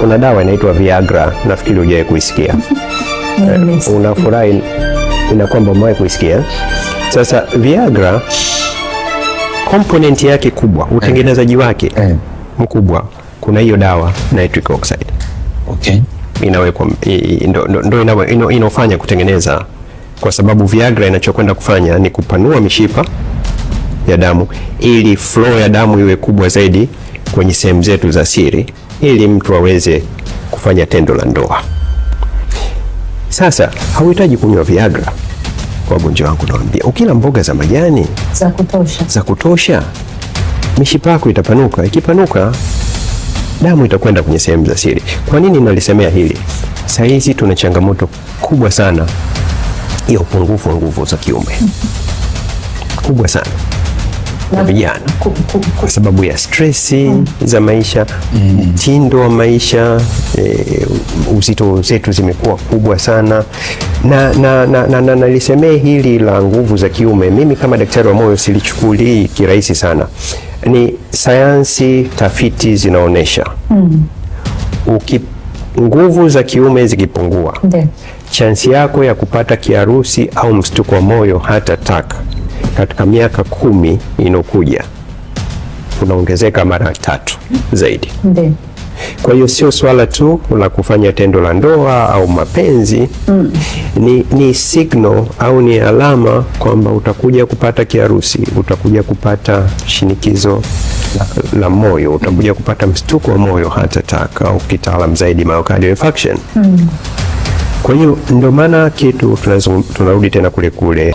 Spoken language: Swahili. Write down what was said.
kuna dawa inaitwa Viagra, nafikiri hujawahi kuisikia. Eh, unafurahi ina kwamba umewahi kuisikia. Sasa Viagra komponenti yake kubwa, eh. utengenezaji wake eh. mkubwa, kuna hiyo dawa nitric oxide. Okay. Inawekwa ndo inaofanya kutengeneza, kwa sababu Viagra inachokwenda kufanya ni kupanua mishipa ya damu ili flow ya damu iwe kubwa zaidi kwenye sehemu zetu za siri ili mtu aweze kufanya tendo la ndoa. Sasa hauhitaji kunywa Viagra kwa wagonjwa wangu, nawambia ukila mboga za majani za kutosha, za kutosha mishipa yako itapanuka, ikipanuka damu itakwenda kwenye sehemu za siri. Kwa nini nalisemea hili? Saa hizi tuna changamoto kubwa sana ya upungufu wa nguvu za kiume, kubwa sana na vijana kwa sababu ya stresi mm. za maisha mm. mtindo mm. wa maisha e, uzito zetu zimekuwa kubwa sana na na, na, na, na, na, hili la nguvu za kiume. Mimi kama daktari wa moyo silichukulii kirahisi sana, ni sayansi, tafiti zinaonyesha mm. uki nguvu za kiume zikipungua, chansi yako ya kupata kiharusi au mshtuko wa moyo hata taka katika miaka kumi inokuja unaongezeka mara tatu zaidi. Ndiyo. Kwa hiyo sio swala tu la kufanya tendo la ndoa au mapenzi mm. Ni, ni signal au ni alama kwamba utakuja kupata kiharusi, utakuja kupata shinikizo la, la moyo, utakuja kupata mshtuko wa moyo, heart attack au kitaalam zaidi myocardial infarction mm. Kwa hiyo ndio maana kitu tunarudi tena kule kule